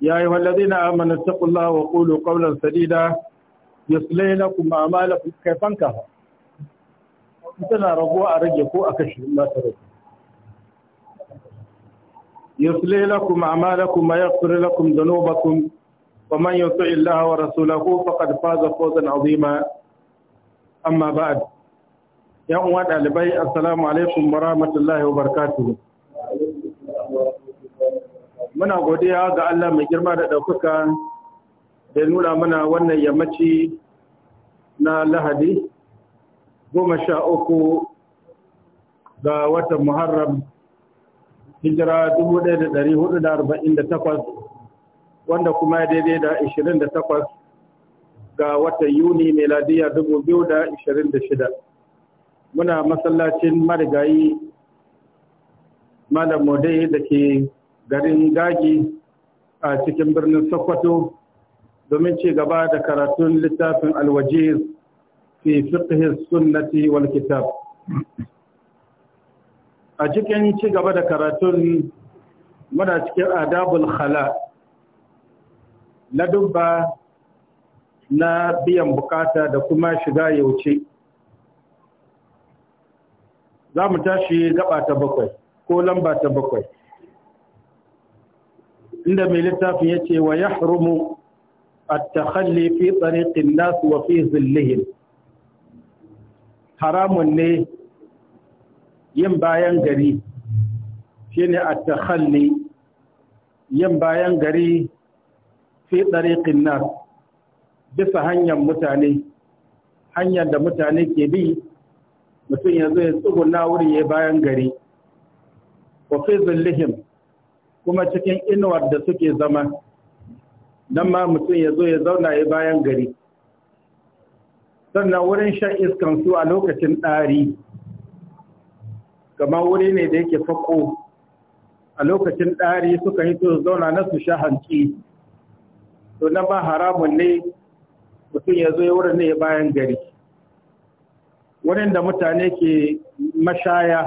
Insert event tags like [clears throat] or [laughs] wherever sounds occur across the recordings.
Yaya أيها الذين آمنوا اتقوا الله وقولوا قولا سديدا يصلح لكم أعمالكم كيف انكها tana rabuwa a rage ko aka shirin ba ta rage yusli lakum a'malakum wa yaghfir lakum dhunubakum wa man yuti illaha wa rasulahu faqad faza fawzan 'azima amma ba'd yan uwa ɗalibai, assalamu alaikum wa rahmatullahi wa barakatuh muna godiya ga Allah mai girma da ɗaukaka da nuna mana wannan yammaci na lahadi goma sha uku ga watan muharram hijira dubu da da da hudu arba'in takwas, wanda kuma ya daidai da ashirin da takwas, ga watan yuni meladiya shida. muna masallacin marigayi malam modai da ke garin gagi a cikin birnin sokoto domin ci gaba da karatun littafin alwaje fi fiqhi sunnati wal kitab a cikin ci gaba da karatun muna cikin adabul khala na dubba na biyan bukata da kuma shiga yauce za mu tashi gaba ta bakwai ko lamba ta bakwai inda mai littafin ya ce wa ya harumu a takhalli fi tsariƙin nasu wa fi zillihin haramun ne yin bayan gari shi ne a takhalli yin bayan gari fi tsariƙin nasu bisa hanyar mutane hanyar da mutane ke bi mutum yanzu ya tsuguna wuri ya bayan gari wa fi zillihin kuma cikin inuwar da suke zama don ma mutum ya zo ya zauna ya bayan gari sannan wurin shan iskan su a lokacin ɗari kamar wuri ne da yake fako a lokacin ɗari suka hito zauna na su sha hanci to na ba haramun ne mutum ya zo ya wurin ne ya bayan gari wurin da mutane ke mashaya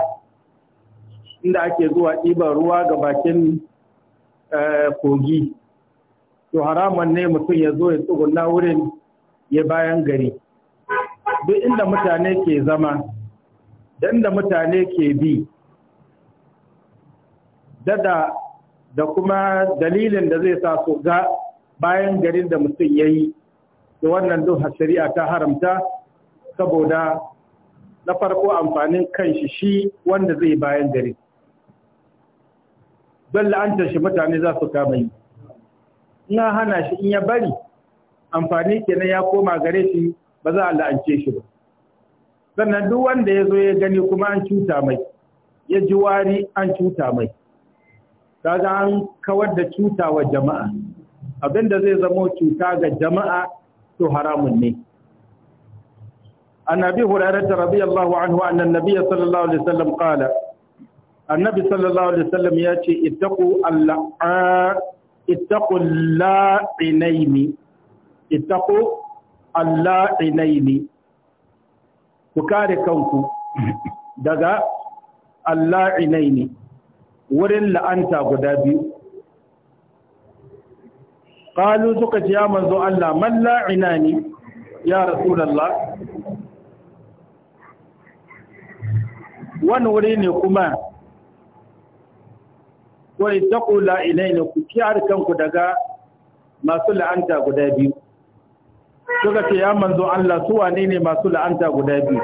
inda ake zuwa ɗiban ruwa ga bakin eh, kogi to haraman ne mutum ya zo ya tsugunna wurin ya bayan gari duk inda mutane ke zama da mutane ke bi dada da kuma dalilin da zai sa su ga bayan garin da mutum ya yi da wannan duk shari'a ta haramta saboda na farko amfanin kan shi shi wanda zai bayan gari don la'antar shi mutane za su kama yi ina hana shi in ya bari amfani kenan ya koma gare shi ba za a la'ance shi ba sannan duk wanda ya zo ya gani kuma an cuta mai ya ji wari an cuta mai kaga an kawar da cuta wa jama'a abinda zai zamo cuta ga jama'a to haramun ne an رضي الله عنه أن النبي صلى الله عليه وسلم قال annabi sallallahu alaihi wasallam ya ce ittaqu alla'a ittaqu la'inaini ittaqu alla'inaini ku kare kanku daga alla'inaini wurin la'anta guda biyu Kalu suka ce ya manzo Allah man ne, ya rasulullah wani wuri ne kuma wa ittaqu ilaina ku kiyar kanku daga masu la'anta guda biyu suka ce ya manzo Allah su wane ne masu la'anta guda biyu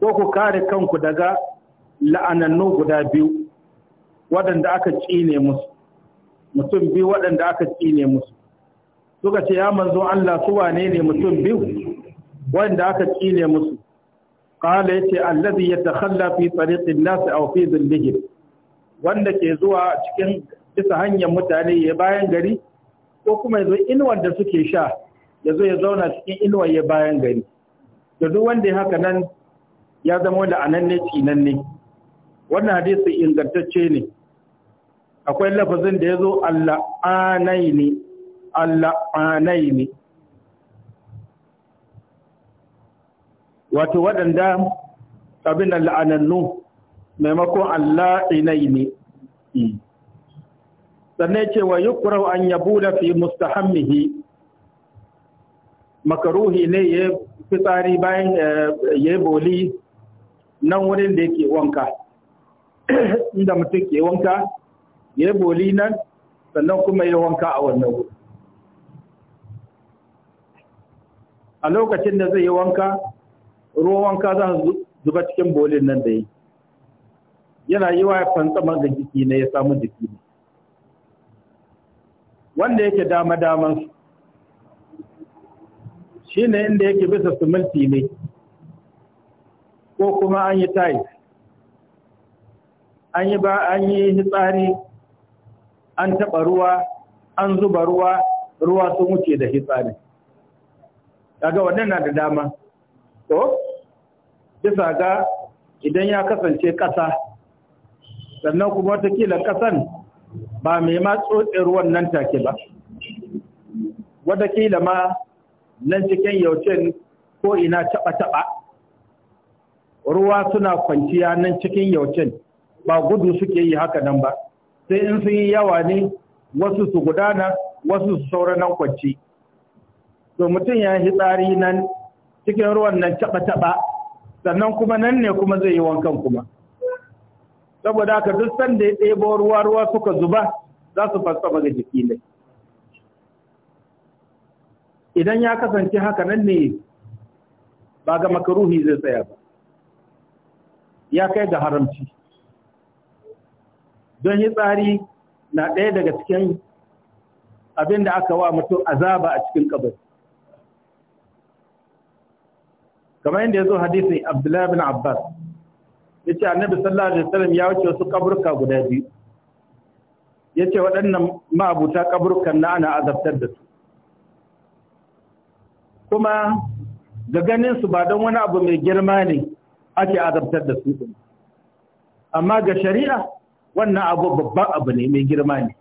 ko ku kare kanku daga la'anannu guda biyu waɗanda aka tsine musu mutum biyu waɗanda aka tsine musu suka ce ya manzo Allah su wane ne mutum biyu waɗanda aka tsine musu qala yace allazi yatakhalla fi tariqin nas aw fi dhillihim wanda ke zuwa cikin bisa hanyar mutane ya bayan gari ko kuma yanzu inuwar da suke sha ya zo ya zauna cikin inuwar ya bayan gari da duk wanda ya haka nan ya zama da ananne tsinanne wannan hadisi ingantacce ne akwai lafazin da ya zo Allah ne ne wato waɗanda abin la'anannu maimakon Allah ne. Hmm. sannan ce wa yukurau an yabu da fi mustahammihi makaruhi ne ya fitsari bayan eh, ya yi boli nan wurin da yake wanka [clears throat] inda mutum ke wanka ya yi boli nan sannan kuma ya wanka a wannan wuri a lokacin da zai yi wanka ruwan wanka za su zuba cikin bolin nan da yi yana yi wa fantsama ga jiki na ya samu jiki ne wanda yake dama daman shi ne inda yake bisa suminti ne ko kuma an yi tayi an yi ba an yi hitsari an taɓa ruwa an zuba ruwa ruwa sun wuce da hitsari daga wannan na da dama to bisa ga idan ya kasance ƙasa sannan kuma watakila kasan ba mai ma ruwan nan take ba watakila ma nan cikin yaucin ko ina taba-taba ruwa suna kwanciya nan cikin yaucin ba gudu suke yi haka nan ba sai in sun yi yawa ne wasu su gudana wasu su saura nan kwanci to mutum ya yi tsari nan cikin ruwan nan taba-taba sannan kuma nan ne kuma zai yi wankan kuma saboda haka duk sanda ya ɗebo ruwa ruwa suka zuba za su fasa maga jiki ne idan ya kasance haka nan ne ba ga makaruhi zai tsaya ba ya kai ga haramci don yi tsari na ɗaya daga cikin abin da aka wa mutum azaba a cikin kabari kamar yadda ya zo hadisin abdullahi bin abbas yace annabi sallallahu alaihi wasallam ya wuce wasu kaburka guda biyu yace waɗannan ma'abuta kaburkan na ana azabtar da su kuma ga ganin su ba don wani abu mai girma ne ake azabtar da su amma ga shari'a wannan abu babban abu ne mai girma ne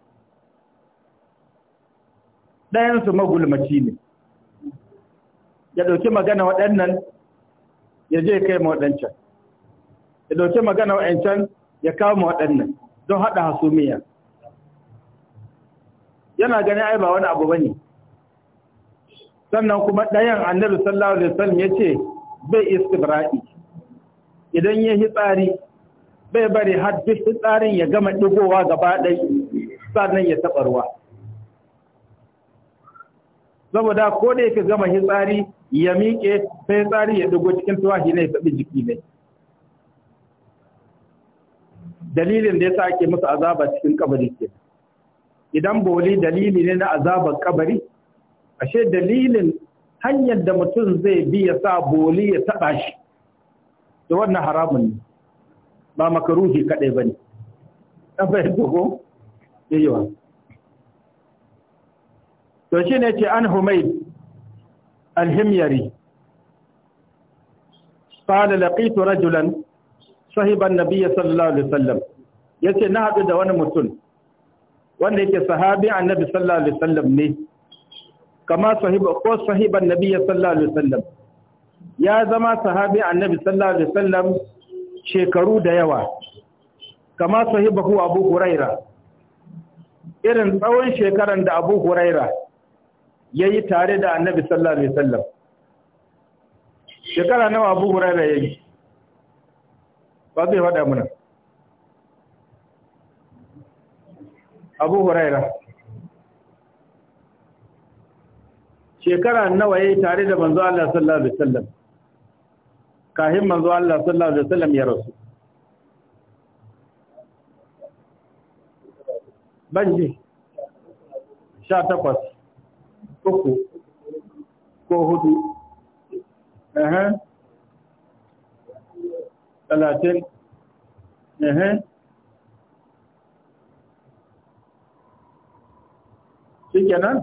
ɗayan su magulmaci ne ya ɗauki magana waɗannan ya je kai ma waɗancan ya dauke magana wa'ancan ya kama waɗannan don haɗa hasumiya yana gani ai ba wani abu ba ne sannan kuma ɗayan annabi sallallahu alaihi wasallam ya ce bai istibra'i idan ya hitsari bai bari har duk hitsarin ya gama ɗigowa gaba ɗai sannan ya taɓa ruwa saboda ko da yake gama hitsari ya miƙe sai hitsari ya ɗigo cikin tuwahi ne ya taɓi jiki ne dalilin da yasa ake musu azaba cikin kabari ke idan boli dalili ne na azabar kabari ashe dalilin hanyar da mutum zai bi ya sa boli ya taɓa shi da wannan haramun ne ba makaruhi kaɗai ba ne ɗan bayan dogo to shi ne ce an humaid alhimyari قال لقيت رجلا sahiban nabiyya sallallahu alaihi wasallam yace na hadu da wani mutum wanda yake sahabi annabi sallallahu alaihi wasallam ne kama sahiba ko sahiban nabiyya sallallahu alaihi wasallam ya zama sahabi annabi sallallahu alaihi wasallam shekaru da yawa kama sahibahu abu huraira irin tsawon shekaran da abu huraira ya yi tare da annabi sallallahu alaihi wasallam shekara nawa abu huraira ya yi ba zai faɗa muna abu huraira shekara nawa yayi tare da manzo Allah sallallahu alaihi wasallam kahin manzo Allah sallallahu alaihi wasallam ya rasu banji takwas, uku ko hudu eh talatin ehe shi kenan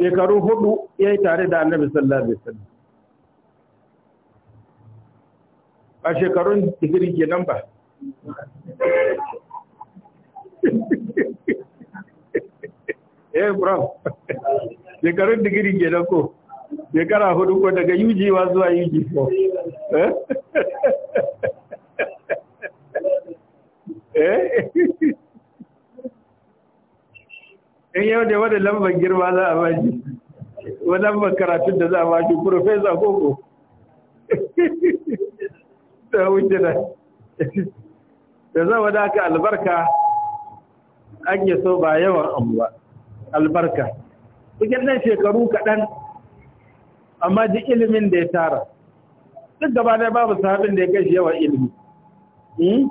shekaru hudu ya yi tare da annabi sallallahu alaihi wasallam a shekarun digiri kenan ba [laughs] eh bro shekarun digiri kenan ko shekara hudu ko daga yujiwa zuwa yujiwa eh? [laughs] Eh? [laughs] in yau da wadda lambar girma za a baji wadda lambar karatun da za a baji profesa koko [laughs] ta wuce da da za wadda aka albarka an yi so ba yawan abu ba albarka cikin nan shekaru kaɗan amma ji ilimin da ya tara duk gaba da babu sahabin da ya shi yawa ilimi hmm?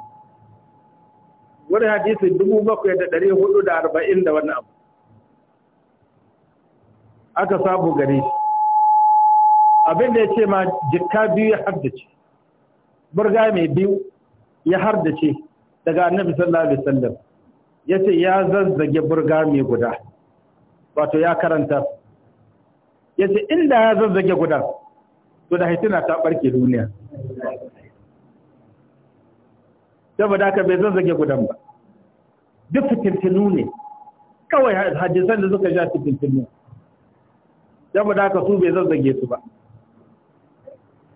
wani hadisi dubu bakwai da dari hudu da arba'in da wani abu aka sabu gare shi abin da ya ce ma jikka biyu ya haddace burga mai biyu ya haddace daga annabi sallallahu alaihi wasallam ya ce ya zazzage burga mai guda wato ya karanta ya ce inda ya zazzage gudan to da haitina ta barke duniya saboda haka bai zazzage gudan ba duk fitintinu ne kawai hadisan da suka sha fitintinu saboda haka su bai zazzage su ba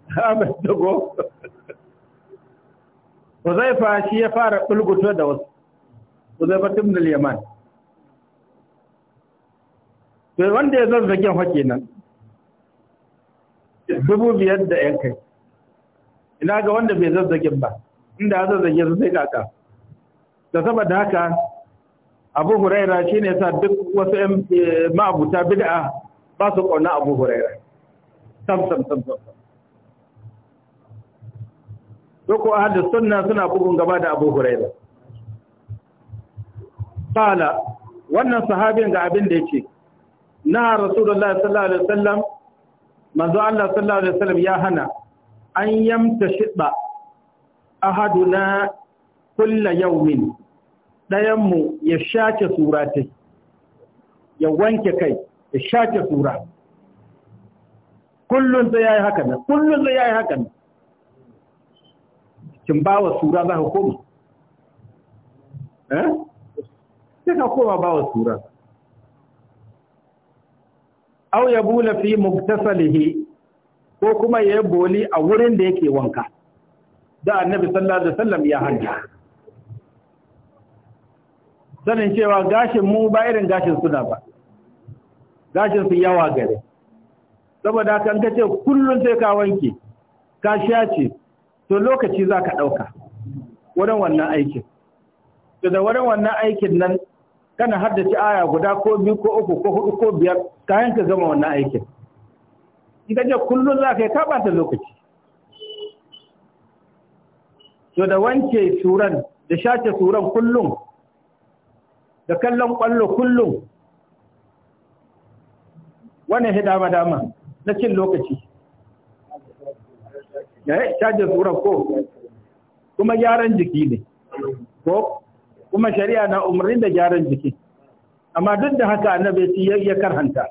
[laughs] Ahmed Dogo Huzaifa shi ya fara bulguto da wasu Huzaifa ibn al-Yaman to wanda ya zazzage nan dubu biyar da yan kai ina ga wanda bai zazzagin ba inda zazzage su sai kaka da saboda haka abu huraira shi ne sa duk wasu eh, ma'abuta bida'a ba su ƙauna abu huraira sam sam sam sam doko ahadu hada suna bugun gaba da abu huraira fala wannan sahabin ga abin da yake na Rasulullah sallallahu alaihi wasallam manzo Allah sallallahu alaihi wasallam ya hana an yamta shiba ahaduna kulla yawmin dayan mu ya shace sura ta ya wanke kai ya shace sura kullun zai yayi haka ne, kullun zai yayi haka ne. kin bawa sura za ka koma eh sai ka koma bawa sura aw ya bula fi muktasalihi ko kuma ya boli a wurin da yake wanka da annabi sallallahu alaihi wasallam ya hanya sanin cewa gashin mu ba irin gashin suna ba gashin su yawa gare saboda haka an kace kullun sai ka wanke ka ce to lokaci zaka dauka wurin wannan aikin to da wurin wannan aikin nan kana haddace aya guda ko biyu ko uku ko hudu ko biyar kayan ka gama wannan aikin in ka je kullum za ka yi kaɓata lokaci to da wanke suran da shace suran kullum da kallon ƙwallo kullum wannan ya dama dama na cin lokaci ya eh, yi shace suran ko kuma gyaran jiki ne ko kuma shari'a na umarni da gyaran jiki amma duk da haka annabi ya ya karhanta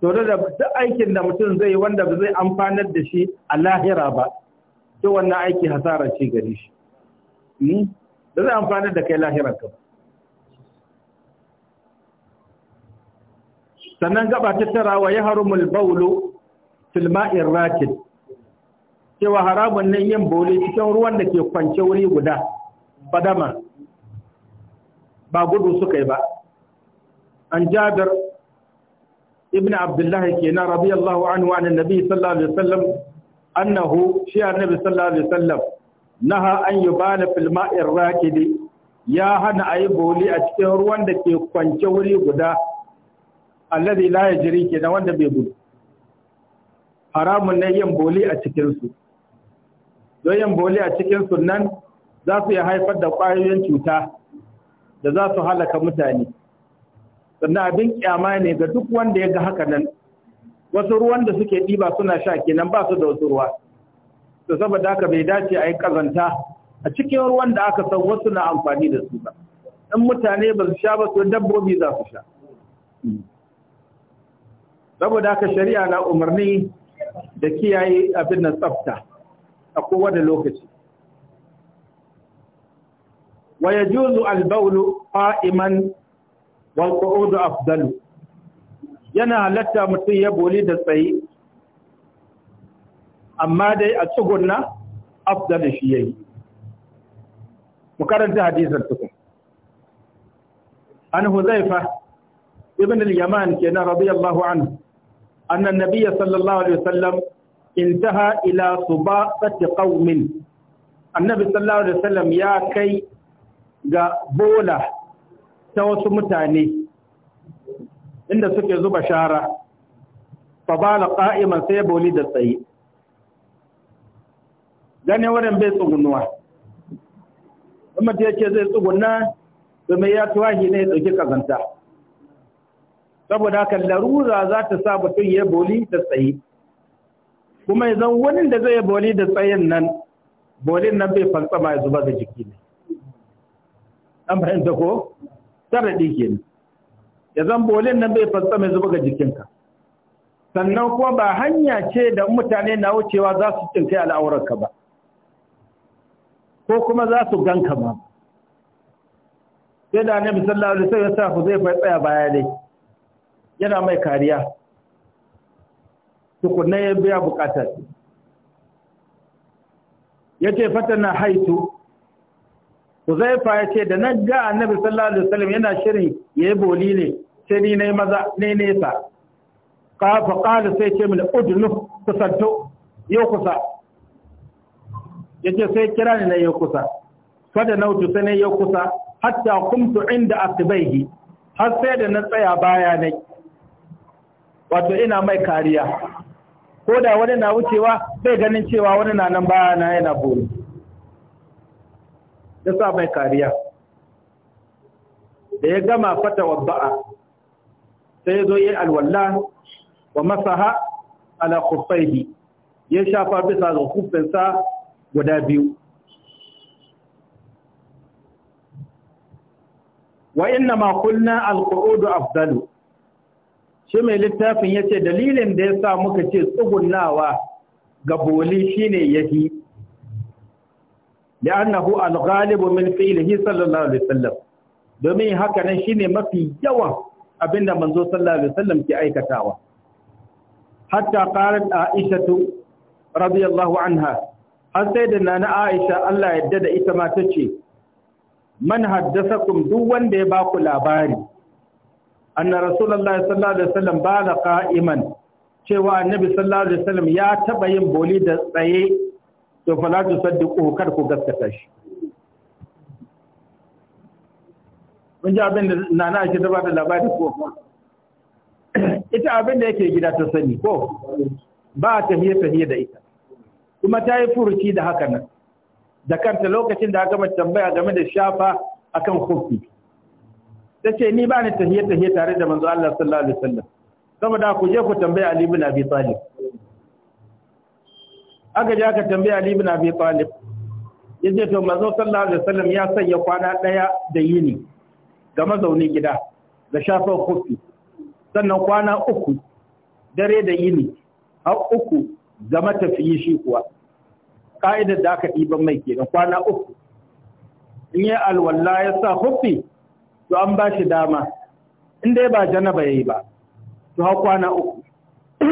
to da duk aikin da mutum zai wanda ba zai amfanar da shi a lahira ba to wannan aiki hasara ce gare shi da hmm? zai amfanar da kai lahira ka sannan gaba ta tara wa ya harumul fil ma'ir rakin cewa haramun nan yin boli cikin ruwan da ke kwance wuri guda fadama ba gudu suka yi ba an jabir ibn abdullah kenan radiyallahu anhu an nabi sallallahu alaihi wasallam annahu shi annabi sallallahu alaihi wasallam naha an yubala fil ma'i raqidi ya hana ayi boli a cikin ruwan da ke kwance wuri guda alladhi la yajri kenan wanda bai gudu haramun ne yin boli a cikin su don yin boli a cikin sunan za su iya haifar da ƙwayoyin cuta da za su halaka mutane sannan abin kyama ne ga duk wanda ya ga haka nan wasu ruwan da suke ɗiba suna sha kenan ba su da wasu ruwa to saboda haka bai dace a yi kazanta a cikin ruwan da aka san wasu na amfani da su ba in mutane ba su sha ba su dabbobi za su sha saboda haka shari'a na umarni da kiyaye abin nan tsafta a kowane lokaci wa yajuzu al-bawlu iman wal qu'udu afdalu yana halatta mutum ya boli da tsayi amma dai a tsugunna afdalu shi yayi mu karanta hadisan tukun an huzaifa ibn al-yaman kenan rabi anhu anna an Nabiya sallallahu alaihi wasallam intaha ila sati ƙaumin annabi sallallahu alaihi wasallam ya kai ga bola ta wasu mutane inda suke zuba shara fa bala qa'iman sai boli da tsaye gane wurin bai tsugunuwa kuma ta yake zai tsuguna domin ya tuwahi ne ya dauki kazanta saboda haka larura za ta sa mutum ya boli da tsaye kuma ya zan wani da zai boli da tsayin nan bolin nan bai fantsama ya zuba da jiki ne an fahimta ko sharaɗi ke ne ya zan bolin nan bai fantsama ya zuba ga jikinka sannan kuma ba hanya ce da mutane na wucewa za su kai al'aurarka ba ko kuma za su ganka ba sai da ne misalla wani sai ya sa ku zai fai tsaya baya dai yana mai kariya tukunna ya biya bukatar ya ce fatana haitu Huzaifa ya ce da na ga annabi sallallahu alaihi wasallam yana shirin yayi boli ne sai ni nayi maza ne nesa ka fa qala sai ce min udnu kusanto yau kusa yace sai kira ni na yau kusa fada nautu sai na yau kusa hatta kumtu inda asbaihi har sai da na tsaya baya ne wato ina mai kariya ko da wani na wucewa bai ganin cewa wani na nan baya na yana buru da sa mai kariya da ya gama fata ba'a sai ya zo yi alwallah wa masaha ala kufaihi ya shafa bisa ga kufinsa guda biyu wa inna ma kulna alqu'udu afdalu shi mai littafin ya ce dalilin da ya sa muka ce tsugunawa ga boli shine yahi li'annahu al-ghalibu min fi'lihi sallallahu alaihi wasallam domin haka nan shine mafi yawan abinda manzo sallallahu alaihi wasallam ke aikatawa hatta qalat aisha radiyallahu anha har sai da na aisha Allah yadda da ita ma tace man haddathakum duk wanda ya baku labari anna rasulullahi sallallahu alaihi wasallam bala qa'iman cewa annabi sallallahu alaihi wasallam ya taba yin boli da tsaye to fala tu saddiqu kar ku gaskata shi mun ji abin da nana ake ta bada labari ko ita abin da yake gida ta sani ko ba ta hiye ta da ita kuma ta yi furuci da haka da kanta lokacin da aka gama tambaya game da shafa akan kofi ta ce ni ba ni tahiyya tahiyya tare da manzo Allah sallallahu alaihi wasallam saboda ku je ku tambaye Ali ibn Abi Talib aka je aka tambaye Ali ibn Abi Talib yace to manzo sallallahu alaihi wasallam ya sanya kwana daya da yini ga mazaunin gida ga shafa kofi sannan kwana uku dare da yini har uku ga matafiyi shi kuwa ka'idar da aka ɗiban mai kenan kwana uku in yi alwala ya sa kofi to an ba shi dama in dai ba janaba yayi ba to har kwana uku [clears throat]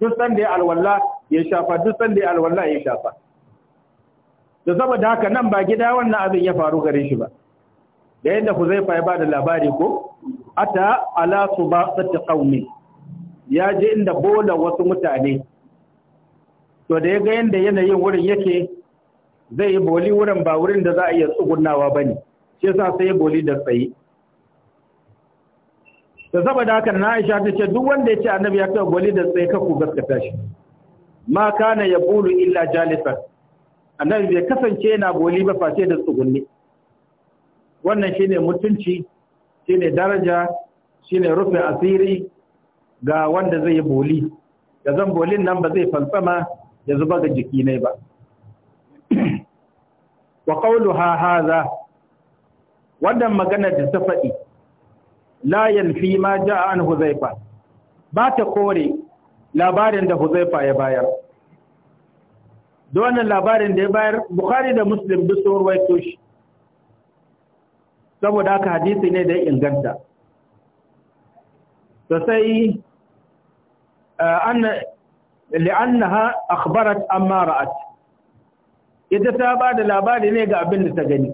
duk sanda ya alwala ya shafa duk sanda ya alwala ya shafa da saboda haka nan ba gida wannan abin ya faru gare shi ba da yadda fa'i ba da labari ko ata ala subaqati qaumi ya je inda bola wasu mutane to da ya ga yanda yanayin wurin yake zai yi boli wurin ba wurin da za a iya tsugunnawa bane shi yasa sai boli da tsayi da saboda haka na Aisha ta ce duk wanda ya ce annabi ya kai gwali da tsaye ka ku gaskata shi ma kana ya bulu illa jalifa annabi bai kasance yana goli ba face da tsugunni wannan shine mutunci shine daraja shine rufe asiri ga wanda zai boli da zan bolin nan ba zai fantsama ya zuba ga jiki ne ba wa qawluha hadha wannan magana da ta faɗi la yanfi ma ja an huzaifa ba ta kore labarin da huzaifa ya bayar don wannan labarin da ya bayar bukhari da muslim duk sun ruwaito shi saboda haka hadisi ne da ya inganta to sai eh, anna li'annaha akhbarat amma ra'at ita ta ba da labari ne ga abin da ta gani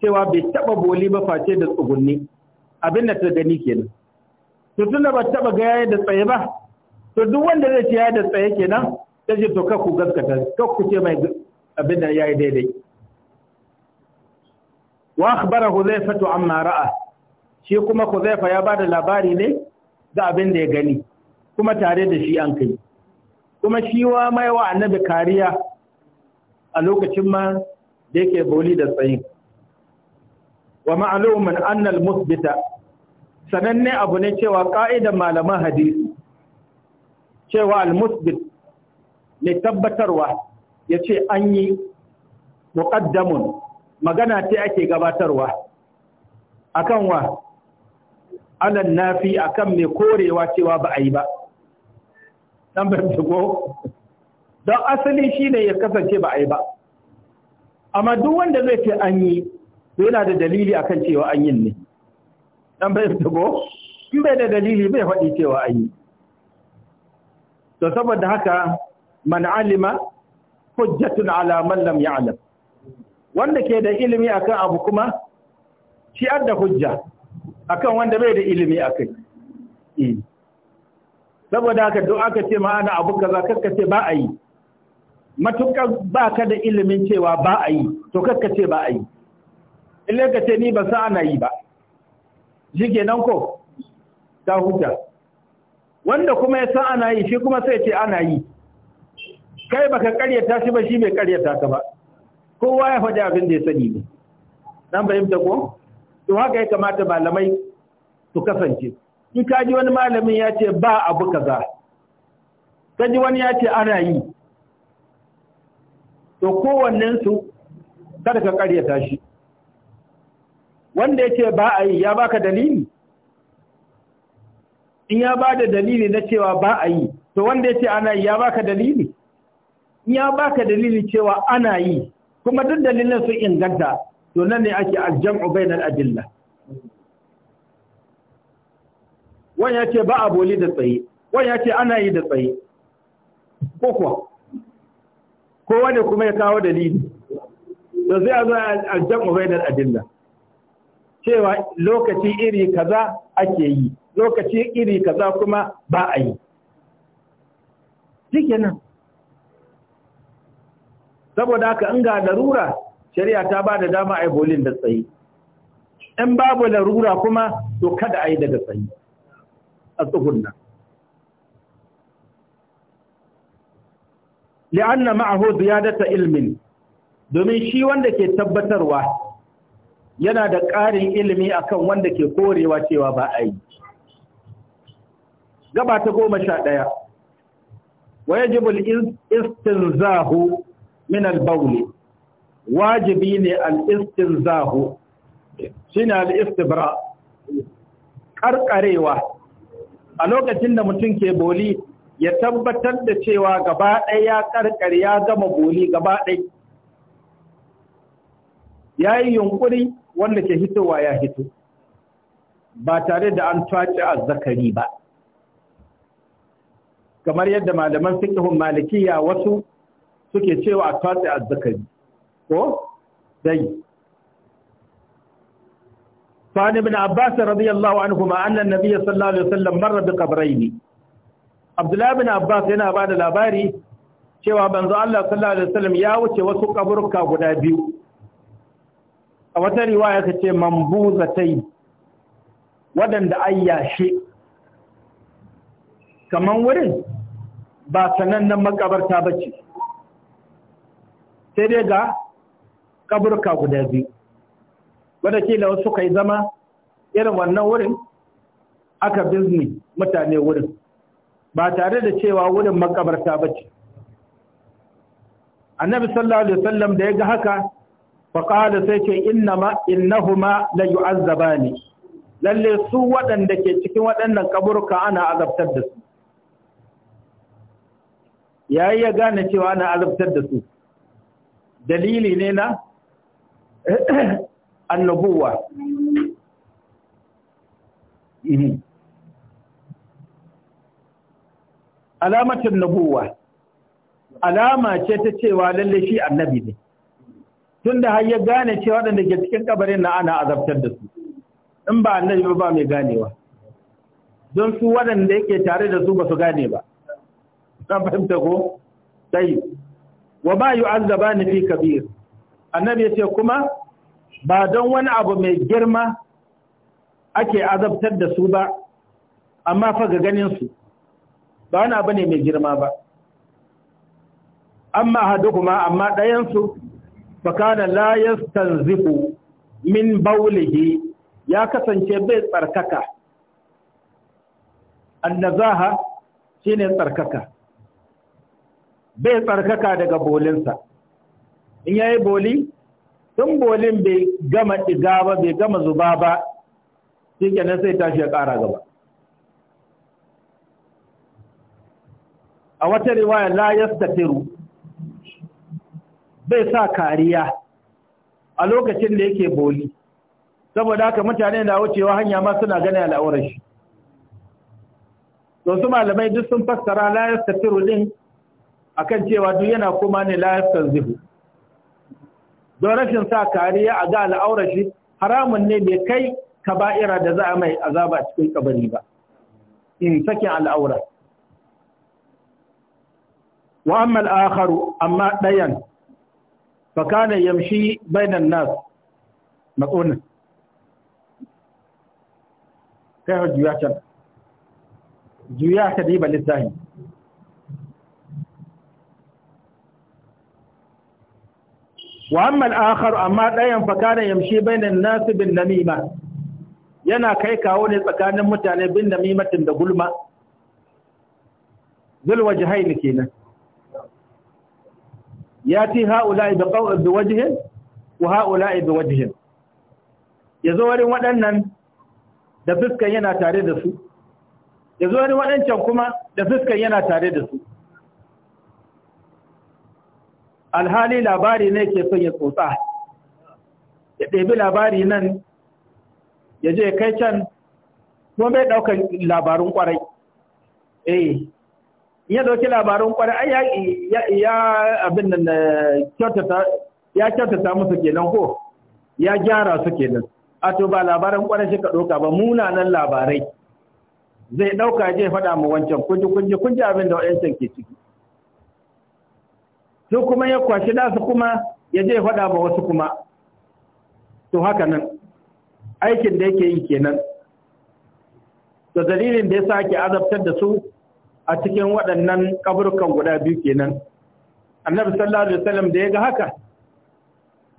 cewa bai taba boli ba face da tsugunni abin da ta gani kenan to tunda ba taba ga yayi da tsaye ba to duk wanda zai ce yayi da tsaye kenan sai ce to ku gaskata ku ce mai abin da yayi daidai wa akhbara huzaifa amma ra'a shi kuma huzaifa ya bada labari ne da abin da ya gani kuma tare da shi an kai kuma shi wa mai wa annabi kariya a lokacin ma da yake boli da tsayin wa ma'alumin annal musbita sananne abu ne cewa ƙa'idan malaman hadisi cewa al-musbit ne tabbatarwa ya ce an yi muƙaddamun magana ta ake gabatarwa akan wa alan nafi akan mai korewa cewa ba a yi ba dan don asali shine ya kasance ba a yi ba amma duk wanda zai ce an yi to yana da dalili akan cewa an yin ne dan bai tago in bai da dalili bai faɗi cewa an yi to saboda haka man alima hujjatun ala man lam ya'lam wanda ke da ilimi akan abu kuma shi adda hujja akan wanda bai da ilimi akai e. saboda haka duk aka ce ma'ana abu kaza kakka ce ba a yi matukar ba ka da ilimin cewa ba a yi to kakka ce ba a yi in ka ce ni ba sa ana yi ba shi kenan ko ta huta wanda kuma ya san ana yi shi kuma sai ce ana yi kai baka karyata shi ba shi bai karyata ka ba kowa ya faɗi abin da ya sani ne ba fahimta ko to haka ya kamata malamai su kasance in ka ji wani malamin ya ce ba abu kaza ka ji wani ya ce ana yi to kowannensu kada ka karyata shi wanda yake ba a yi ya baka dalili in ya ba da dalili na cewa ba a yi to wanda yake ana yi ya baka dalili in ya baka dalili cewa ana yi kuma duk dalilin sun inganta to nan ne ake aljam'u bainal adilla wani ya ce ba a boli da tsaye wani ya ce ana yi da tsaye ko kuwa ko wani kuma ya kawo dalili To zai zo aljam'u bainal adilla cewa lokaci iri kaza ake yi lokaci iri kaza kuma ba a yi Cike nan saboda aka in ga larura shari'a ta ba da dama a bolin da tsayi in babu larura kuma to kada a yi daga tsayi a tsugunna li'anna ma'ahu ziyadata ilmin domin shi wanda ke tabbatarwa yana da ƙarin ilimi akan wanda ke korewa cewa ba a yi gaba ta goma sha ɗaya wa yajibul zahu, min al wajibi ne al Shi shine al'isti istibra Ƙarƙarewa. a lokacin da mutum ke boli ya tabbatar da cewa gaba ɗaya ya karkare ya gama boli gaba ɗaya ya yi yunkuri wanda ke hitowa ya hito ba tare da an tace azzakari ba kamar yadda malaman fiqhun malikiya wasu suke cewa a tace azzakari ko dai Fani bin abbas radiyallahu anhu ma anna النبي sallallahu alaihi wasallam marra bi qabrayni عبد الله abbas yana ba da labari cewa banzo Allah sallallahu alaihi wasallam ya wuce wasu kaburuka guda biyu a wata riwaya ta ce mambuzatai waɗanda an yashe kamar wurin ba sanannen makabarta ba ce sai dai ga kaburka guda biyu wadda da wasu kai zama irin wannan wurin aka bizni mutane wurin ba tare da cewa wurin makabarta ba ce annabi sallallahu alaihi wasallam da ya ga haka faƙada sai ce innahuma la yu'azzaba ne lalle su waɗanda ke cikin waɗannan kaburka ana azabtar da su yayi ya gane cewa ana azabtar da su dalili ne na [clears throat] annabuwa mhm. alamatin nabuwa alama ce ta cewa lalle shi annabi ne Tun da har ya gane cewa waɗanda ke cikin kabarin na ana azabtar da su in ba annabi ba mai ganewa don su waɗanda yake tare da su ba su gane ba kan fahimta ko sai wa ba yu'azzaba ni fi kabir annabi yace kuma ba don wani abu mai girma ake azabtar da su ba amma fa ga ganin su ba wani abu ne mai girma ba amma kuma amma ɗayan su fakana la yastanzifu min baulihi ya kasance bai tsarkaka annazaha shine tsarkaka bai tsarkaka daga bolinsa in yayi boli tun bolin bai gama diga ba bai gama zuba ba shi kenan sai tashi ya ƙara gaba a wata riwaya la yastatiru bai sa kariya a lokacin da yake boli saboda haka mutane na wucewa hanya ma suna gane al'aurar shi to malamai duk sun fassara la yastatiru din akan cewa duk yana kuma ne la yastanzihu don rashin sa kariya a ga al'aurashi, shi haramun ne bai kai kaba'ira da za a mai azaba cikin kabari ba in sakin al'aura wa amma al'akharu amma dayan fakana yamshi bainan nas matsonin kai hau juya can juya ta diba lissahi wa amma al'akharu amma ɗayan fakana yamshi bainan nas bin namima yana kai kawo ne tsakanin mutane bin namimatin da gulma zulwa jihaini kenan yati haula'i da qawli bi wajhin wa haula'i bi wajhin yazo wurin waɗannan da fuskan yana tare da su yazo wurin waɗancan kuma da fuskan yana tare da su alhali labari ne ke son ya tsotsa ya ɗebi labari nan ya je kai can kuma bai ɗaukar labarun ƙwarai eh ya dauki labarin kwarai ai ya abin nan eh, kyautata ya kyautata musu kenan ko ya gyara su kenan a to ba labarin kwarai shi ka doka ba munanan labarai zai dauka je faɗa mu wancan kunji kunji kunji abin da wayancan ke ciki su kuma ya kwashi nasu kuma ya je faɗa ma wasu kuma to haka nan aikin da yake yi kenan to dalilin da ya sake azabtar da su a cikin waɗannan kaburkan guda biyu kenan annabi sallallahu alaihi wasallam da ya ga haka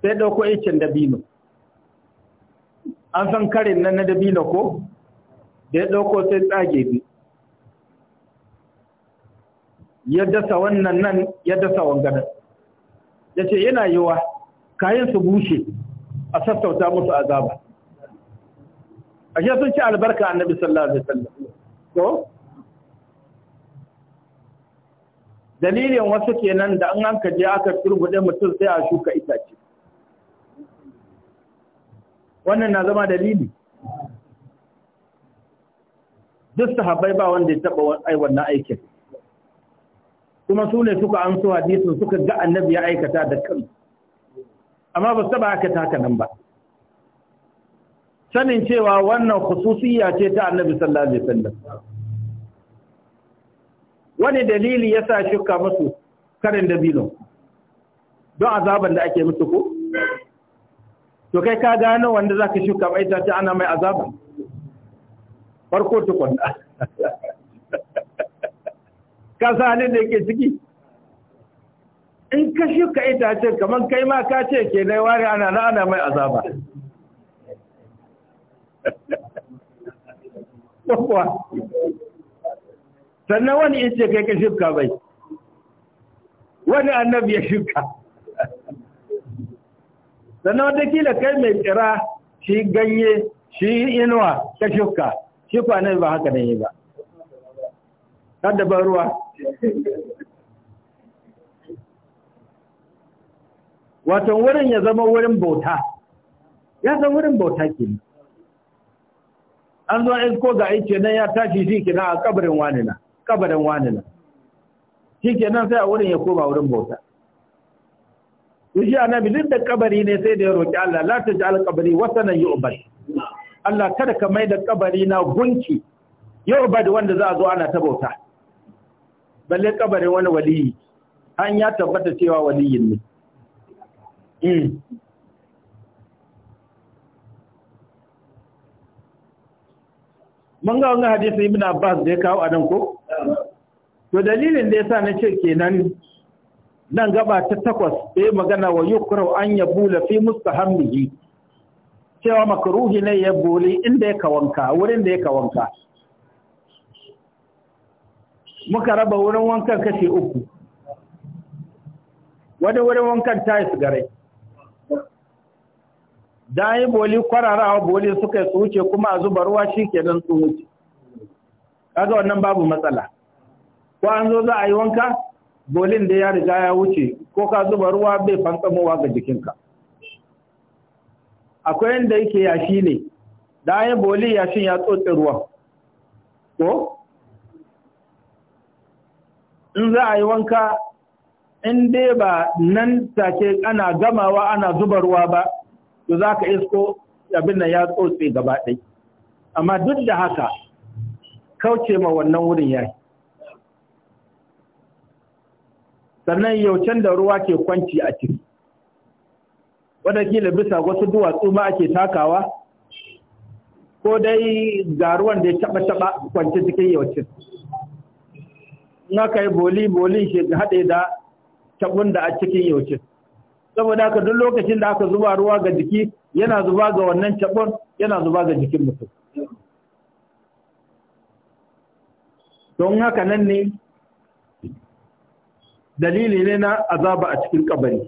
sai dauko icin dabino an san karin nan na dabino ko da ya dauko sai tsage bi ya dasa wannan nan ya dasa wangana ya ce yana yiwa kayan su bushe a sassauta musu azaba ashe sun ci albarka annabi sallallahu alaihi wasallam dalilin wasu kenan da an hanka je aka turbuɗe mutum sai a shuka itace wannan na zama dalili duk sahabbai ba wanda ya taɓa wannan aikin kuma su ne suka an so hadisin suka ga annabi ya aikata da kan amma ba su taɓa aka taka nan ba sanin cewa wannan khususiyya ce ta annabi sallallahu alaihi wasallam wani dalili ya sa shuka musu karin dabino don azaban da ake musu ko to kai ka gano wanda za ka shuka mai ta ana mai azaban farko tukunna [laughs] ka sa halin da yake ciki in ka shuka itacen kamar kai ma ka ce ke na ware ana na ana mai azaba [laughs] sannan wani in ce kai ka shifka bai wani annabi ya shirka sannan kila kai mai tsira shi ganye shi inuwa ka shirka shi kwanan ba haka nan yi ba kada ban ruwa wato wurin ya zama wurin bauta ya zama wurin bauta ke an zo in ko ga aice nan ya tashi shi kina a kabarin wani na kabarin wani nan shi ke nan sai a wurin ya koma wurin bauta Yushi na duk da kabari ne sai da ya roƙi Allah la ta ja'al nan yi yu'bad Allah kada ka mai da kabari na gunki yi yu'bad wanda za a zo ana ta bauta balle kabarin wani waliyi an ya tabbata cewa waliyin ne hmm. mun ga wannan hadisi ibn Abbas da ya kawo a nan ko to dalilin da yasa nace kenan nan gaba ta takwas sai magana wa yukra an yabula fi mustahammihi cewa makruhi ne ya boli inda ya kawanka wurin da ya kawanka muka raba wurin wankan kashi uku wani wurin wankan tayis gare da yi boli kwararawa boli suka yi tsuce kuma a zuba ruwa shi ke nan tsuce kaga wannan babu matsala ko an zo za a yi wanka bolin da ya riga ya wuce ko ka zuba ruwa bai fantsamowa ga jikinka akwai yadda yake yashi ne da yi boli yashin ya tsotse ruwa ko in za a yi wanka in dai ba nan take ana gamawa ana zuba ruwa ba to za ka isko abin nan ya tsotse gaba ɗai amma duk da haka kauce ma wannan wurin ya yi sannan yaucen da ruwa ke kwanci a ciki wadakila bisa wasu duwatsu ma ake takawa ko dai ga ruwan da ya taɓa-taɓa kwanci cikin yaucin in aka yi boli-bolin shi haɗe da taɓun da a cikin yaucin saboda haka duk lokacin da aka zuba ruwa ga jiki yana zuba ga wannan cabon yana zuba ga jikin mutum don haka nan ne dalili ne na azaba a cikin kabari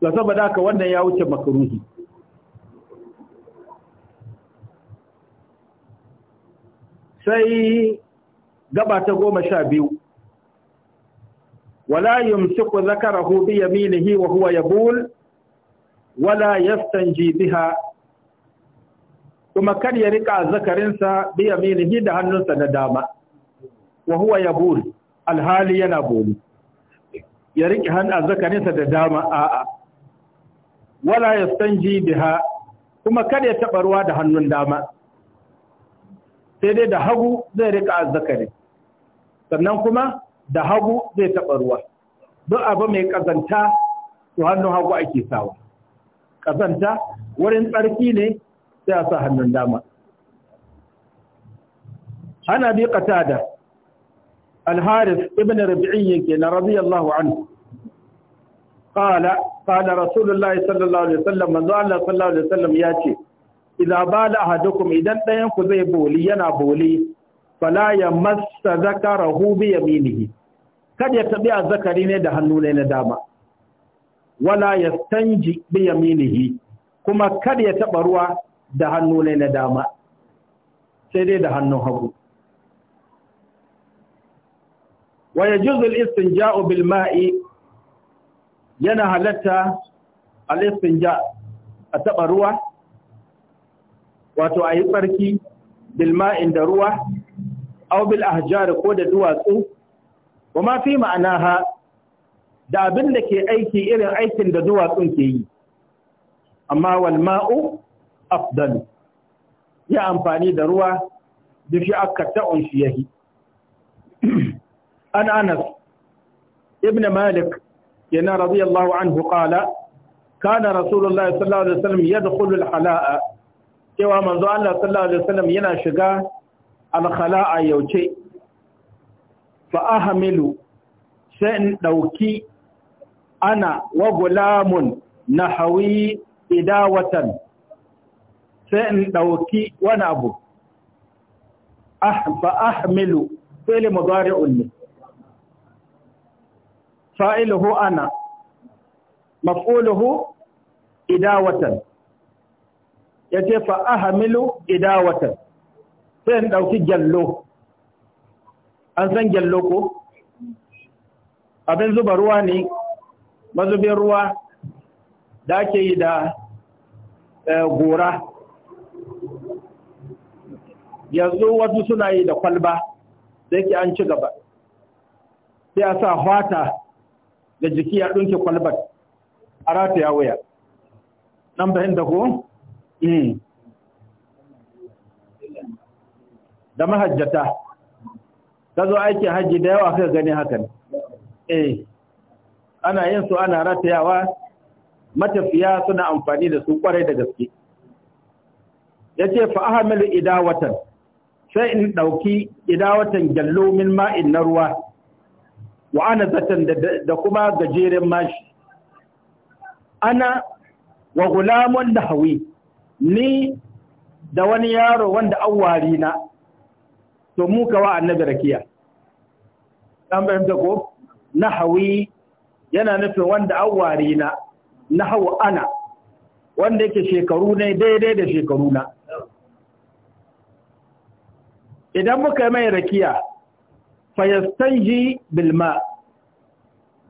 da saboda haka wannan ya wuce makaruhi sai gaba ta goma sha biyu ولا يمسك ذكره بيمينه وهو يبول ولا يستنجي بها kuma kar ya rika zakarinsa bi yaminihi da hannunsa na dama wa huwa yabul alhali yana boli ya rike hannun zakarinsa da dama a'a wala yastanji biha kuma kar ya taba ruwa da hannun dama sai dai da hagu zai rika azzakari sannan kuma da hagu zai taɓa ruwa don abu mai ƙazanta to hannun hagu ake sawa ƙazanta wurin tsarki ne sai a sa hannun dama ana bi qatada alharif harith ibn rabi'i yake na radiyallahu anhu qala qala rasulullahi sallallahu alaihi wasallam manzo Allah sallallahu alaihi wasallam yace idza bala ahadukum idan dayan ku zai boli yana boli fala ya zakara hubi ya minihi, kada ya tabi zakari ne da hannu ne na dama wala ya yastanji bi minihi, kuma kada ya taba ruwa da hannu ne na dama sai dai da hannun hagu wa juzul istin istinjau bil ma'i yana halatta al ja a taba ruwa wato ayi tsarki bil ma'in da ruwa aubil ahjari ko da duwatsu wa ma fi ma'anaha da abin da ke aiki irin aikin da duwatsun ke yi amma wal ma'u afdalu ya amfani da ruwa da shi aka ta'un shi yahi [clears throat] an anas ibn malik yana radiyallahu anhu qala kana rasulullahi sallallahu alaihi wasallam yadkhulu al hala'a cewa manzo Allah sallallahu alaihi wasallam yana shiga a yauce fa ahamilu sai in dauki ana wa gulamun nahawi idawatan sai in dauki wani abu ah, fa ahmilu fili mudari'un ne fa'iluhu ana maf'uluhu idawatan yace fa ahmilu idawatan sai in ɗauki gyallo an san gyallo ko abin zuba ruwa ne mazubin ruwa da ake yi da eh, gora yanzu wasu suna yi da kwalba da yake an ci gaba sai a sa hwata da jiki ya ɗunke kwalbar a rataya wuya nan bayan da ko? Hmm. da mahajjata ta zo aiki hajji da yawa kai gani hakan eh ana yin su ana ratayawa matafiya suna amfani da su kwarai da gaske yace fa ahmal idawatan sai in dauki idawatan gallo min ma'in na ruwa wa ana zatan da kuma gajeren mashi ana wa gulamun da hawi ni da wani yaro wanda an na to mu kawa annabi rakiya an fahimta ko nahawi yana nufin wanda awari na nahawu ana wanda yake shekaru ne daidai da shekaru na idan muka mai rakiya bil bilma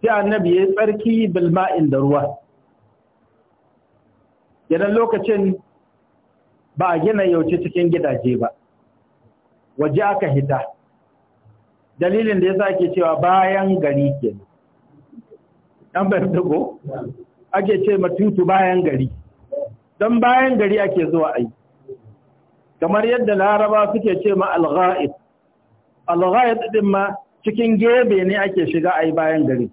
sai annabi ya tsarki bilma da ruwa idan lokacin ba a gina yauce cikin gidaje ba waje aka hita dalilin da yasa ake cewa bayan gari ke Dan bayan dago ake ce matutu bayan gari Dan bayan gari ake zuwa ai kamar yadda laraba suke ce ma al-gha'ib din ma cikin gebe ne ake shiga ai bayan gari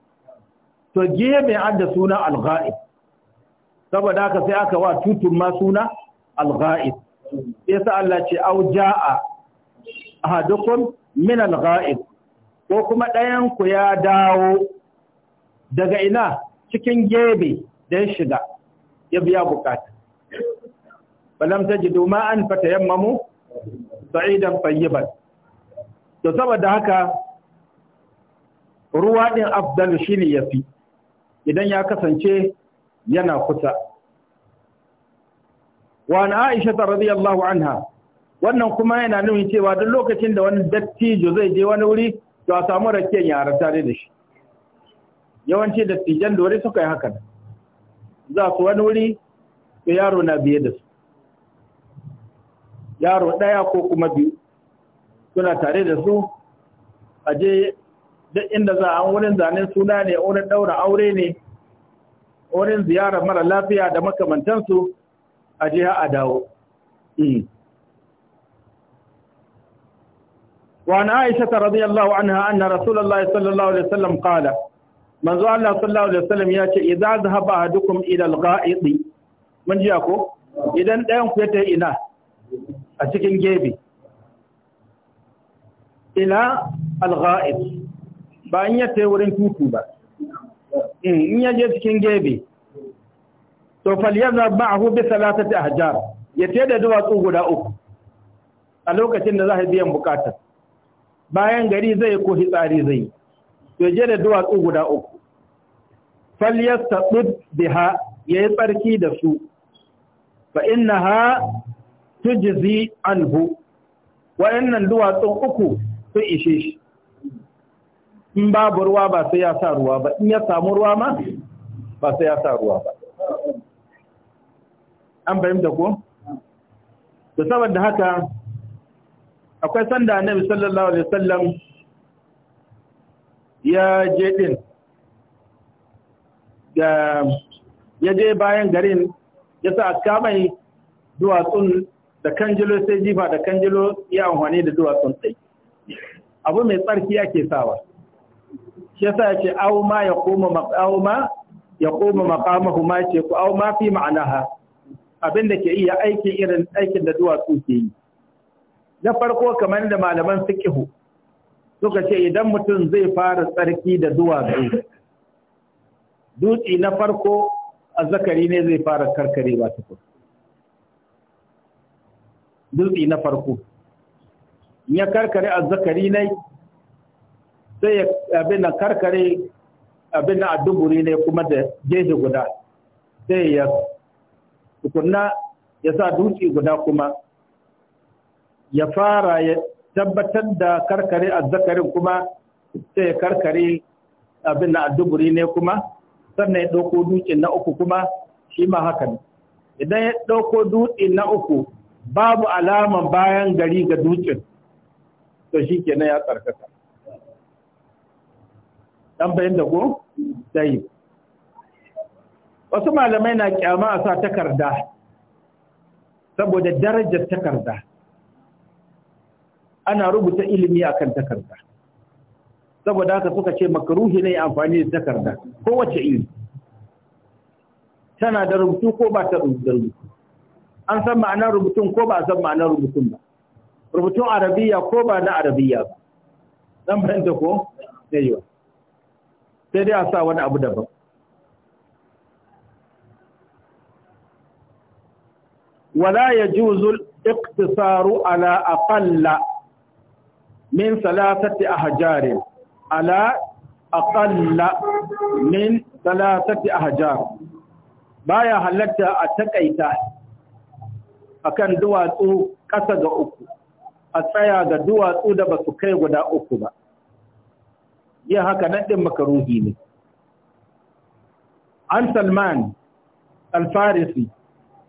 to gebe adda suna al-gha'ib saboda haka sai aka wa tutun ma suna alga'id ghaib sa Allah ce au ja'a ahadukum min al-ghaib ko kuma ɗayan ku ya dawo daga ina cikin gebe da ya shiga ya biya bukata balam an fata yammamu sa'idan tayyiban to saboda haka ruwa din afdal shine yafi idan ya kasance yana kusa wa an aisha radiyallahu anha wannan kuma yana nuni cewa duk lokacin da wani dattijo zai je wani wuri to a samu rakiyar yara tare da shi yawanci dattijan da wuri suka yi hakan za su wani wuri to yaro na biye da su yaro ɗaya ko kuma biyu suna tare da su a je duk inda za a wurin zanen suna ne wurin ɗaura aure ne wurin ziyarar mara lafiya da makamantansu a je a dawo. Hmm. وعن عائشة رضي الله عنها أن رسول الله صلى الله عليه وسلم قال من زوال الله صلى الله عليه وسلم ياتي إذا ذهب أحدكم إلى الغائط من جاكو إذا أنت يتي إنا أتكين جيبي إلى الغائط بأن يتي ورين توتوبة إن يجي تكين جيبي to falyazza ba'hu bi salatati ahjar ya teda duwatsu guda uku a lokacin da za a biyan bukatar bayan gari zai ko hitsari zai to je da duwatsu guda uku falyastaqib biha yayi tsarki da su fa innaha tujzi anhu wayannan duwatsun uku su ishe shi in babu ruwa ba sai ya sa ruwa ba in ya samu ruwa ma ba sai ya sa ruwa ba an fahimta ko to saboda haka akwai sanda annabi sallallahu alaihi wasallam ya je din da ya je bayan garin ya sa a kamai duwatsun da kanjilo sai jifa da kanjilo ya amfani da duwatsun sai abu mai tsarki ake sawa shi yasa ya ce aw ma yaqumu aw ma koma maqamahu ma ce ku au ma fi ma'anaha abinda ke iya aikin irin aikin da duwatsu ke yi na farko kamar da malaman fiqhu suka ce idan mutum zai fara tsarki da duwatsu dutse na farko zakari ne zai fara ba tukun dutse na farko ya karkare zakari ne sai ya abin karkare abin a adubure ne kuma da jeje guda sai ya tukunna ya sa dutse guda kuma ya fara ya tabbatar da karkare Zakarin kuma sai ya karkare abin na Duburi ne kuma sannan ya ɗauko dutsen na uku kuma shi ma haka ne idan ya ɗauko dutsen na uku babu alaman bayan gari ga dutsen to shi kenan ya tsarkaka dan bayan da ko sai wasu malamai na kyama a sa takarda saboda darajar takarda ana rubuta ilimi a kan takarda saboda haka suka ce makaruhi ne amfani da takarda ko wace ilimi tana da rubutu ko ba ta da rubutu an san ma'anar rubutun ko ba a san ma'anar rubutun ba rubutun arabiya ko ba na arabiya ba zan fahimta ko yayiwa sai dai a sa wani abu daban wala yajuzu al-iqtisaru ala aqalla min salatati ahjarin ala aqalla min salatati ahjar baya halatta a takaita kan duwatsu ƙasa ga uku a tsaya ga duwatsu da ba su kai guda uku ba yin haka nan ɗin makaruhi ne an salman alfarisi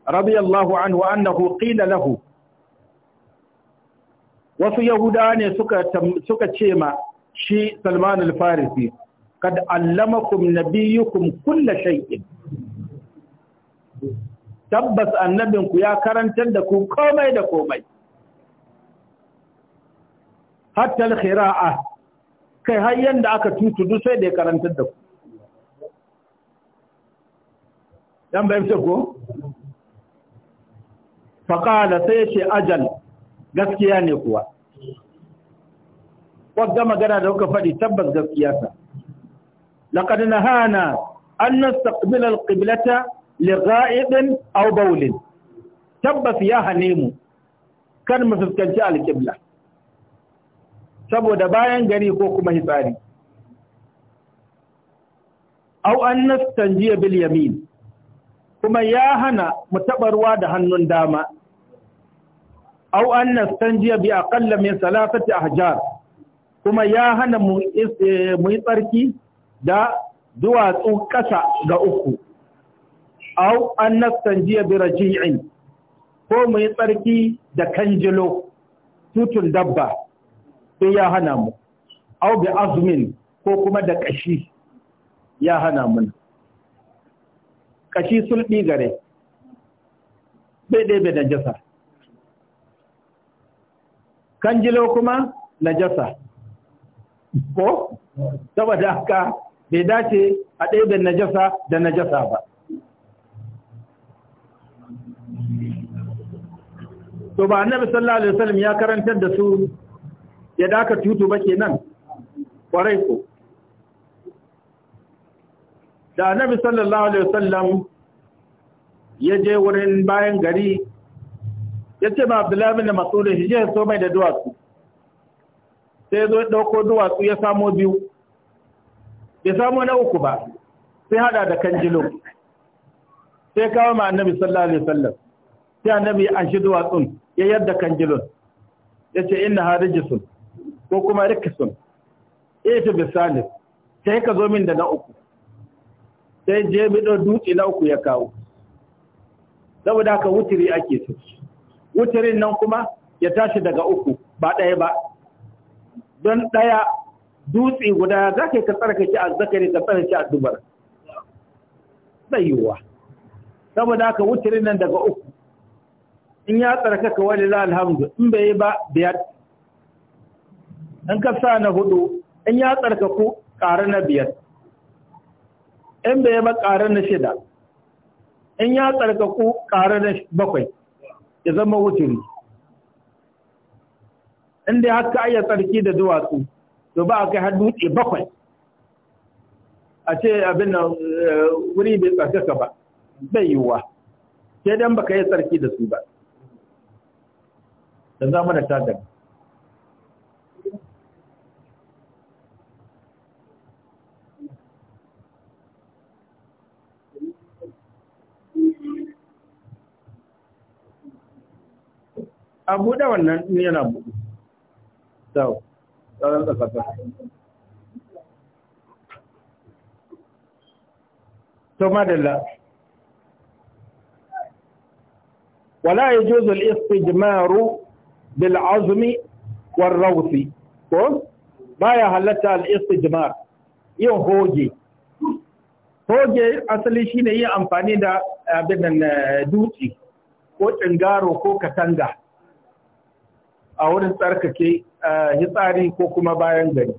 radiyallahu anhu annahu qila lahu wasu yahudawa ne suka ce ma shi Salman al-Farisi kad allamakum nabiyukum kulla shay'in tabbas annabinku ya karantar da ku komai da komai hatta al-khira'a kai har yanda aka tutudu sai da ya karantar da ku dan bayan ko faqala sai ce ajal gaskiya ne kuwa wadda magana da kuka faɗi tabbas gaskiya ta na hana an nastaqbila alqiblata li gha'idin aw tabbas ya hane mu kan mu alƙibla. saboda bayan gari ko kuma hitsari Au an nastanjiya bil yamin kuma ya hana mu taɓa ruwa da hannun dama au an nastanjiya bi aqalla min salasati ahjar kuma ya hana mu eh, yi tsarki da duwatsu kasa ga uku au an nastanjiya bi raji'in ko mu yi tsarki da kanjilo tutun dabba sai ya hana mu au bi azmin ko kuma da kashi ya hana mu kashi sulbi gare bai ɗaya bai jasa. kanjilo kuma najasa ko saboda haka bai dace a ɗaya da najasa da najasa ba to ba annabi sallallahu alaihi wasallam ya karantar da su ya daka tutu ba kenan kwarai ko da annabi sallallahu alaihi wasallam ya je wurin bayan gari ya ce ma abdullahi bin mas'ud shi je so mai da duwatsu sai zo ɗauko duwatsu ya samo biyu bai samo na uku ba sai hada da kan jilo. sai kawo ma annabi sallallahu alaihi wasallam sai annabi an shi duwatsun ya yadda jilo. ya ce ina ha rijisun ko kuma rikisun ya ce bisalin sai ka zo min da na uku sai je bido dutse na uku ya kawo saboda haka wutiri ake so wutarin nan kuma ya tashi daga uku ba ɗaya ba don ɗaya dutse guda za ka yi ka tsarkake a zakari ka tsarkake a dubar tsayuwa saboda haka wutirin nan daga uku in ya ka wani alhamdu in bai yi ba biyar in ka sa na hudu in ya ku ƙara na biyar in bai yi ba ƙara na shida in ya ku ƙara na bakwai ya zama wuturi inda haka iya tsarki da duwatsu to ba a kai har dutse bakwai a ce abin nan eh, wuri bai tsarkaka ba bai yiwuwa sai dan baka yi tsarki da su ba da zama da tagar a buɗe wannan yana buɗe sau tsaron tsakasa to madalla wala ya juzul istijmaru bil bil'azumi war Ko ko ya halatta al jima'ar? yin hoge hoge asali shine yin amfani da abin nan eh, dutse ko tsingaro ko katanga a wurin tsarkake hitsari ko kuma bayan gari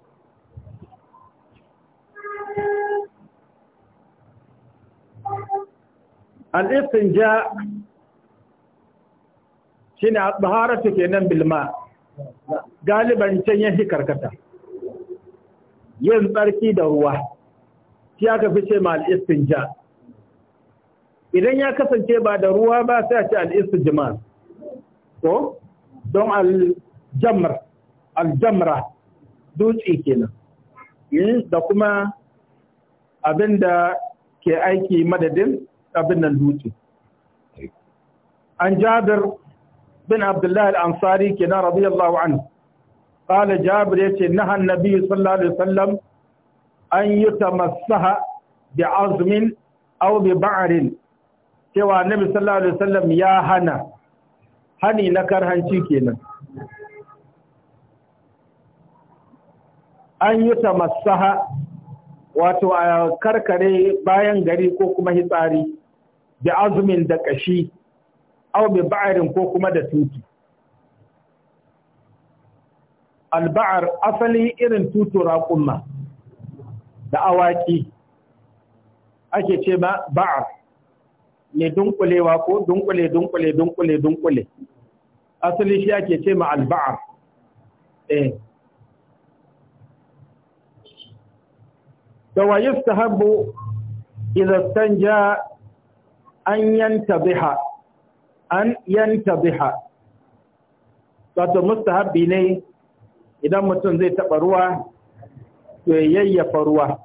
ja shi ne baharatu ke nan bilma galiban can yanki karkata yin tsarki da ruwa shi aka fi ce ma ja. idan ya kasance ba da ruwa ba sai a ce al'istijimar ko don aljamra dutse kenan eh, da kuma abin da ke aiki madadin abin nan dutse an jabir bin abdullahi al'ansari kenan radiyallahu anhu قال جابر na نهى النبي صلى الله عليه وسلم أن يتمسها بعظم أو ببعر سوى النبي صلى الله عليه وسلم ya hana. hani na karhanci kenan an yi tamassaha wato a karkare bayan gari ko kuma hitsari da azumin da kashi au bi ba'arin ko kuma da tutu alba'ar asali irin tutu raƙumma da awaki ake ce ba'ar ne dunkulewa ko dunkule dunkule dunkule dunkule asali shi ake ce ma alba'a eh to wa yustahabbu idza stanja an yantabiha an yantabiha wato mustahabi ne idan mutum zai taba ruwa to yayyafa ruwa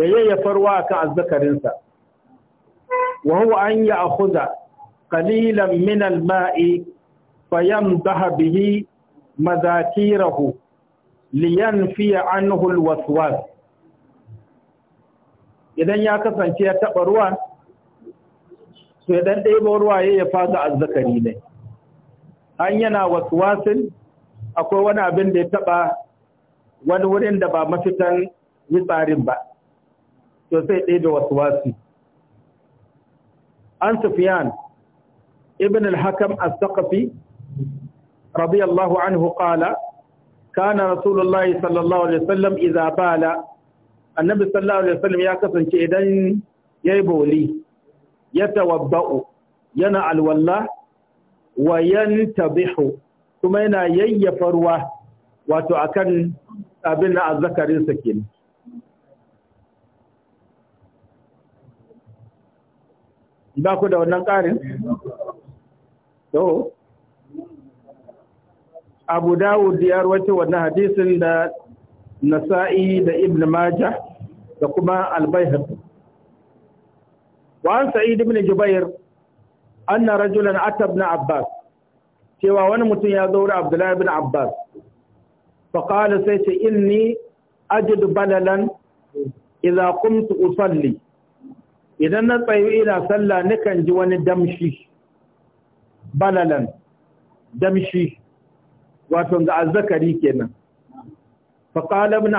ya yayyafar wa ka azzakarinsa wa huwa an ya'khudha qalilan min al-ma'i fayamdaha bihi madakirahu liyanfiya anhu al-waswas idan ya kasance ya taba ruwa to idan ɗebo ruwa ya fasa azzakari ne an yana waswasin akwai wani abin da ya taba wani wurin da ba mafitan tsarin ba to sai ɗaya da waswasi an sufiyan ibn al-hakam asakafi saqafi radiyallahu anhu qala kana rasulullahi sallallahu alaihi wasallam idza bala annabi sallallahu alaihi wasallam ya kasance idan yayi boli ya tawabba'u yana alwalla wa tabihu kuma yana yayyafa ruwa wato akan abin na azzakarinsa sa kenan ba ku da wannan ƙarin? to abu dawud ya rawata wannan hadisin da nasa'i da ibn majah da kuma albayhaq wa an sa'id ibn jubair anna rajulan ata ibn abbas cewa wani mutum ya zo da abdullahi ibn abbas fa sai ce inni ajidu balalan idza qumtu usalli idan na tsayu ina sallah nukan ji wani damshi balalan damshi wato ga azzakari kenan fa qala ibn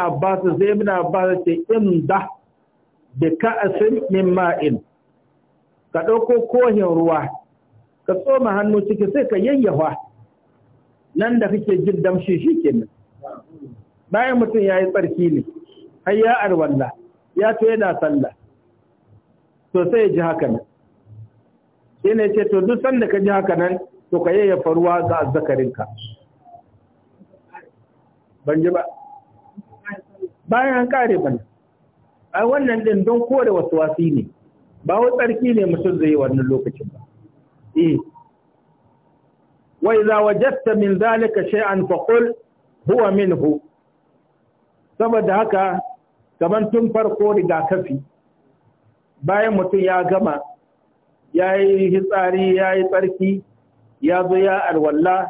zai ibn abbas ce inda bi ka'asin min ma'in ka dauko kohin ruwa ka tsoma hannu ciki sai ka yayyafa nan da kake jin damshi shi kenan bayan mutum yayi tsarki ne har ya arwalla ya to yana sallah to sai ya ji haka nan shi ne ce to duk sanda ka ji haka nan to ka ya faruwa ga azzakarinka ban ji ba bayan an kare ban ai wannan din don kore wasu wasi ne ba wai tsarki ne mutum zai yi wannan lokacin ba eh wa idza wajadta min zalika shay'an fa qul huwa minhu saboda haka kaman tun farko rigakafi bayan mutum ya gama ya yi hitsari ya yi tsarki ya zo ya alwalla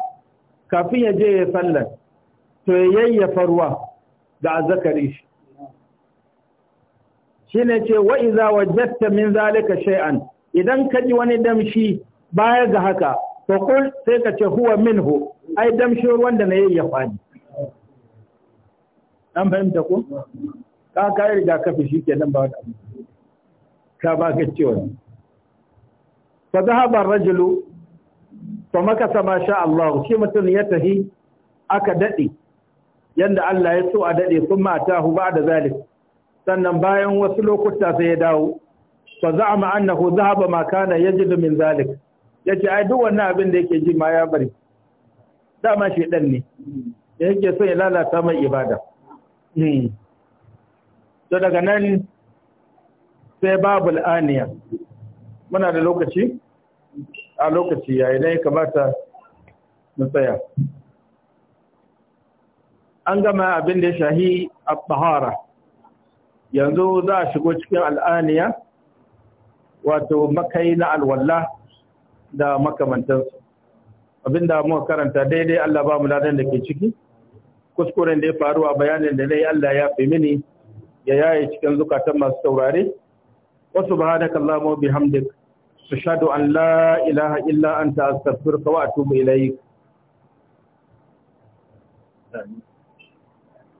kafin ya je ya sallar to ya yayyafa ruwa da azzakari shi shine ce wa iza wajadta min zalika shay'an idan ka ji wani damshi baya ga haka to kul sai ka ce huwa minhu ai damshi ruwan da na yayyafa ne an fahimta ko ka ka riga kafi kenan ba wani abu ka ba ka ce wani fa zahaba rajulu fa makasa sama sha Allah shi mutum ya tahi aka dade yanda Allah ya so a dade kuma atahu da zalik sannan bayan wasu lokuta sai ya dawo fa za'ama annahu zahaba ma kana yajidu min zalik yace ai duk wannan abin da yake ji ma ya bari dama dan ne yake so ya lalata mai ibada hmm. to daga nan sai babu aniya muna da lokaci a lokaci yayi dai kamata mu tsaya an gama abin da ya shahi a tahara yanzu za a shigo cikin al'aniya wato makai na alwalla da makamantansu abin da muka karanta daidai Allah ba mu ladan da ke ciki kuskuren da ya faru a bayanin da nayi yi Allah ya fi mini ya yaye cikin zukatan masu taurari. wa subhanaka allahumma bihamdik ashhadu an la ilaha illa anta astaghfiruka wa atubu ilaik